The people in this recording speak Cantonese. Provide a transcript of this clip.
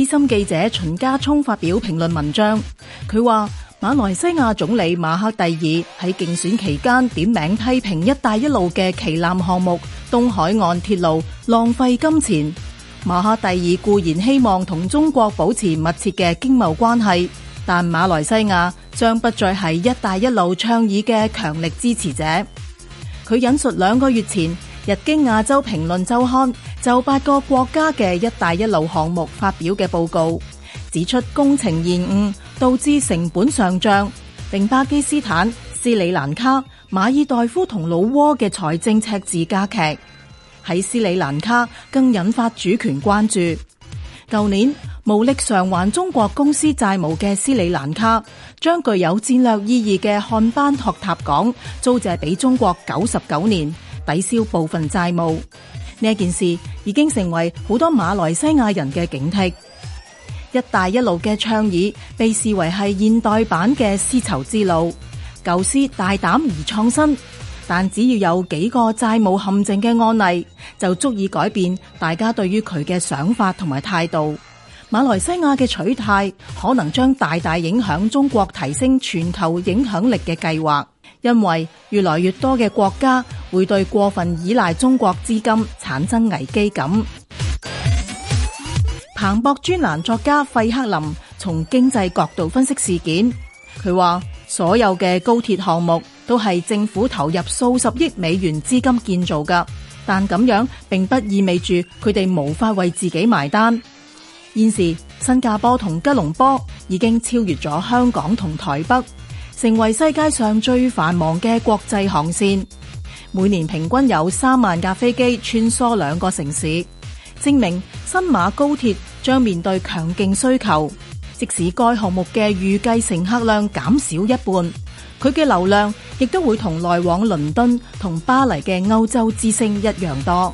資深記者秦家聰發表評論文章，佢話馬來西亞總理馬哈蒂爾喺競選期間點名批評“一帶一路”嘅旗艦項目東海岸鐵路浪費金錢。馬哈蒂爾固然希望同中國保持密切嘅經貿關係，但馬來西亞將不再係“一帶一路”倡議嘅強力支持者。佢引述兩個月前《日經亞洲評論週刊》，就八個國家嘅“一帶一路”項目發表嘅報告，指出工程延誤導致成本上漲，令巴基斯坦、斯里蘭卡、馬爾代夫同老撾嘅財政赤字加劇。喺斯里蘭卡更引發主權關注。舊年無力償還中國公司債務嘅斯里蘭卡，將具有戰略意義嘅漢班托塔港租借俾中國九十九年，抵消部分債務。呢一件事已經成為好多馬來西亞人嘅警惕。一帶一路嘅倡議被視為係現代版嘅絲綢之路，構思大膽而創新，但只要有幾個債務陷阱嘅案例，就足以改變大家對於佢嘅想法同埋態度。馬來西亞嘅取態可能將大大影響中國提升全球影響力嘅計劃，因為越來越多嘅國家。會對過分依賴中國資金產生危機感。彭博專欄作家費克林從經濟角度分析事件，佢話：所有嘅高鐵項目都係政府投入數十億美元資金建造㗎，但咁樣並不意味住佢哋無法為自己埋單。現時新加坡同吉隆坡已經超越咗香港同台北，成為世界上最繁忙嘅國際航線。每年平均有三萬架飛機穿梭兩個城市，證明新馬高鐵將面對強勁需求，即使該項目嘅預計乘客量減少一半，佢嘅流量亦都會同來往倫敦同巴黎嘅歐洲之星一樣多。